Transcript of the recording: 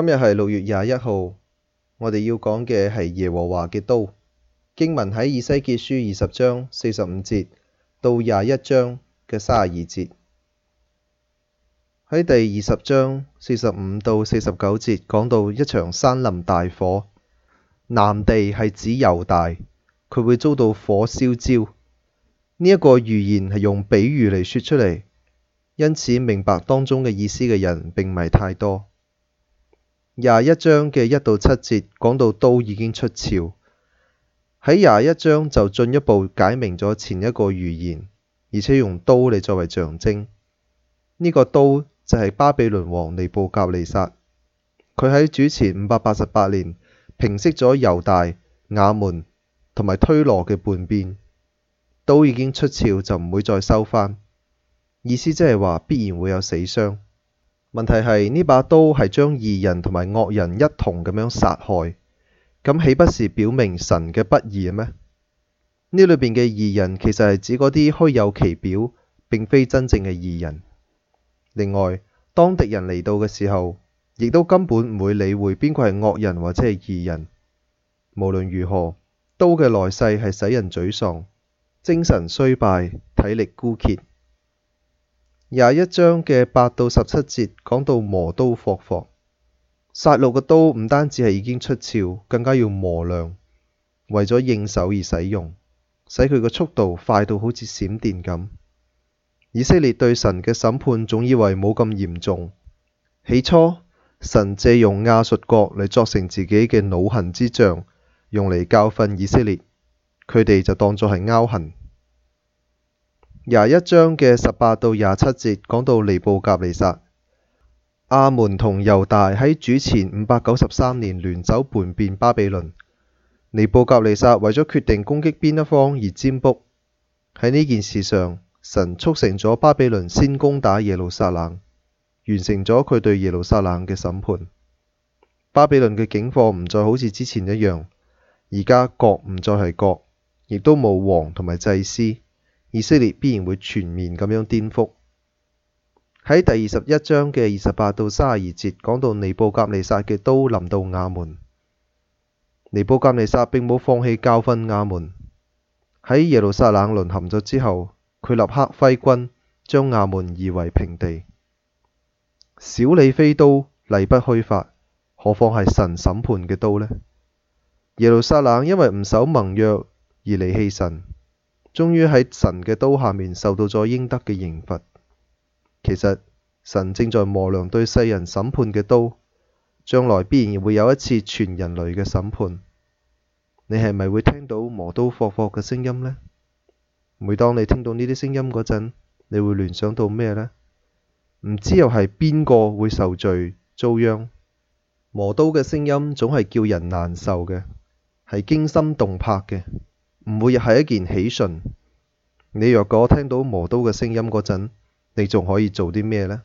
今日係六月廿一號，我哋要講嘅係耶和華嘅刀。經文喺以西結書二十章四十五節到廿一章嘅三十二節，喺第二十章四十五到四十九節講到一場山林大火，南地係指猶大，佢會遭到火燒焦。呢一個預言係用比喻嚟說出嚟，因此明白當中嘅意思嘅人並唔係太多。廿一章嘅一到七節講到刀已經出鞘，喺廿一章就進一步解明咗前一個預言，而且用刀嚟作為象徵。呢個刀就係巴比倫王尼布甲尼撒，佢喺主前五百八十八年平息咗猶大、亞門同埋推羅嘅叛變，刀已經出鞘就唔會再收翻，意思即係話必然會有死傷。問題係呢把刀係將義人同埋惡人一同咁樣殺害，咁豈不是表明神嘅不義嘅咩？呢裏邊嘅義人其實係指嗰啲虛有其表，並非真正嘅義人。另外，當敵人嚟到嘅時候，亦都根本唔會理會邊個係惡人或者係義人。無論如何，刀嘅來勢係使人沮喪，精神衰敗，體力枯竭。廿一章嘅八到十七節講到磨刀霍霍，殺戮嘅刀唔單止係已經出鞘，更加要磨亮，為咗應手而使用，使佢嘅速度快到好似閃電咁。以色列對神嘅審判總以為冇咁嚴重。起初，神借用亞述國嚟，作成自己嘅惱恨之杖，用嚟教訓以色列，佢哋就當作係拗痕。廿一章嘅十八到廿七節講到尼布甲尼撒、亞捫同猶大喺主前五百九十三年聯手叛變巴比倫。尼布甲尼撒為咗決定攻擊邊一方而占卜。喺呢件事上，神促成咗巴比倫先攻打耶路撒冷，完成咗佢對耶路撒冷嘅審判。巴比倫嘅境況唔再好似之前一樣，而家國唔再係國，亦都冇王同埋祭司。以色列必然會全面咁樣顛覆。喺第二十一章嘅二十八到三十二節講到尼布甲尼撒嘅刀臨到亞門，尼布甲尼撒並冇放棄教訓亞門。喺耶路撒冷淪陷咗之後，佢立刻揮軍將亞門夷為平地。小李飛刀例不虛發，何況係神審判嘅刀呢？耶路撒冷因為唔守盟約而離棄神，終於喺神嘅刀下面受到咗應得嘅刑罰。其實神正在磨亮對世人審判嘅刀，將來必然會有一次全人類嘅審判。你係咪會聽到磨刀霍霍嘅聲音呢？每當你聽到呢啲聲音嗰陣，你會聯想到咩呢？唔知又係邊個會受罪遭殃？磨刀嘅聲音總係叫人難受嘅，係驚心動魄嘅。唔會係一件喜訊。你若果聽到磨刀嘅聲音嗰陣，你仲可以做啲咩呢？